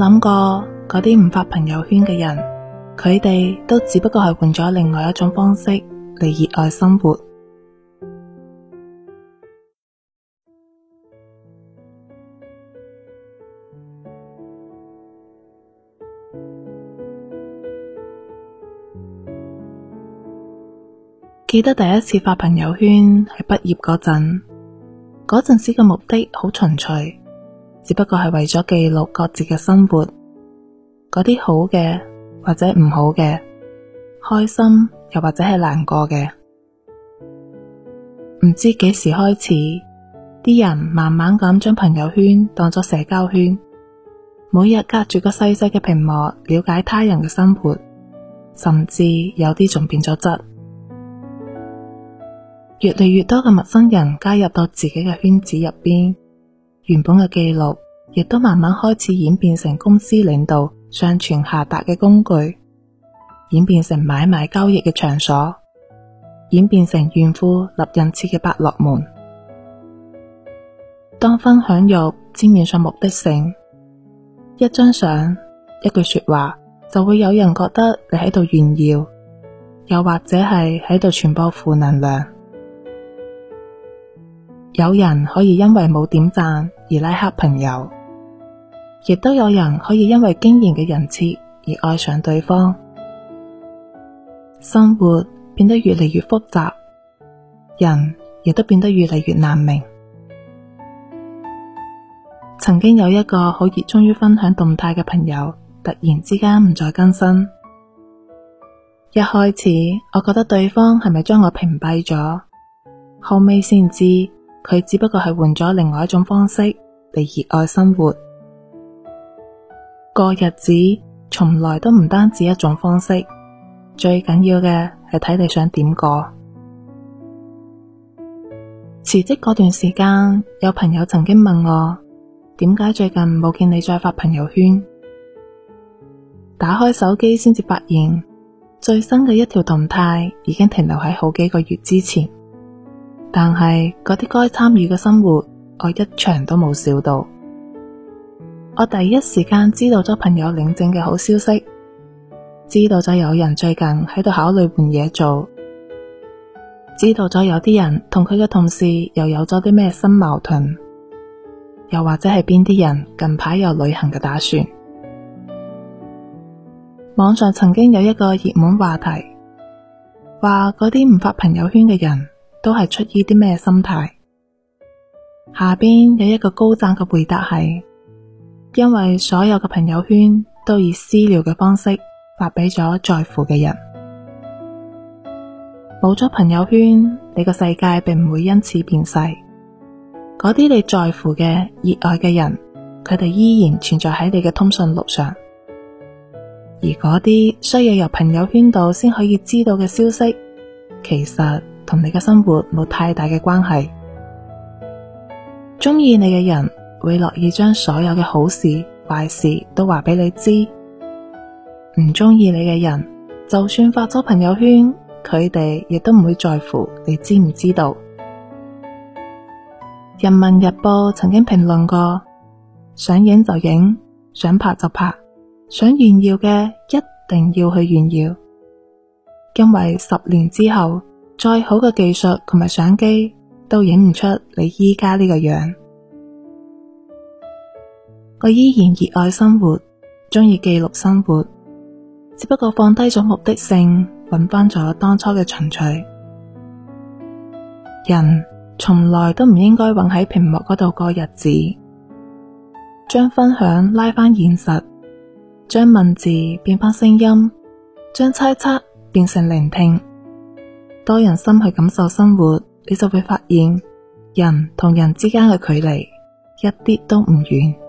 我諗過嗰啲唔發朋友圈嘅人，佢哋都只不過係換咗另外一種方式嚟熱愛生活。 記得第一次發朋友圈係畢業嗰陣，嗰陣時嘅目的好純粹。只不過係為咗記錄各自嘅生活，嗰啲好嘅或者唔好嘅，開心又或者係難過嘅，唔知幾時開始，啲人慢慢咁將朋友圈當咗社交圈，每日隔住個細細嘅屏幕了解他人嘅生活，甚至有啲仲變咗質，越嚟越多嘅陌生人加入到自己嘅圈子入邊。原本嘅記錄，亦都慢慢開始演變成公司領導上傳下達嘅工具，演變成買賣交易嘅場所，演變成炫富立人設嘅百樂門。當分享欲沾染上目的性，一張相、一句說話，就會有人覺得你喺度炫耀，又或者係喺度傳播負能量。有人可以因為冇點讚而拉黑朋友，亦都有人可以因為驚艷嘅人設而愛上對方。生活變得越嚟越複雜，人亦都變得越嚟越難明。曾經有一個好熱衷於分享動態嘅朋友，突然之間唔再更新。一開始我覺得對方係咪將我屏蔽咗？後尾先知佢只不過係換咗另外一種方式。被熱愛生活，過日子從來都唔單止一種方式，最緊要嘅係睇你想點過。辭職嗰段時間，有朋友曾經問我，點解最近冇見你再發朋友圈？打開手機先至發現，最新嘅一條動態已經停留喺好幾個月之前，但係嗰啲該參與嘅生活。我一場都冇笑到。我第一時間知道咗朋友領證嘅好消息，知道咗有人最近喺度考慮換嘢做，知道咗有啲人同佢嘅同事又有咗啲咩新矛盾，又或者係邊啲人近排有旅行嘅打算。網上曾經有一個熱門話題，話嗰啲唔發朋友圈嘅人都係出於啲咩心態？下邊有一個高讚嘅回答係，因為所有嘅朋友圈都以私聊嘅方式發俾咗在乎嘅人，冇咗朋友圈，你個世界並唔會因此變細。嗰啲你在乎嘅、熱愛嘅人，佢哋依然存在喺你嘅通訊錄上。而嗰啲需要由朋友圈度先可以知道嘅消息，其實同你嘅生活冇太大嘅關係。鍾意你嘅人會樂意將所有嘅好事、壞事都話俾你知；唔鍾意你嘅人，就算發咗朋友圈，佢哋亦都唔會在乎你知唔知道。人民日報曾經評論過：想影就影，想拍就拍，想炫耀嘅一定要去炫耀，因為十年之後，再好嘅技術同埋相機。都影唔出你依家呢個樣，我依然熱愛生活，鍾意記錄生活，只不過放低咗目的性，揾翻咗當初嘅純粹。人從來都唔應該困喺屏幕嗰度過日子，將分享拉翻現實，將文字變翻聲音，將猜測變成聆聽，多人心去感受生活。你就會發現，人同人之間嘅距離一啲都唔遠。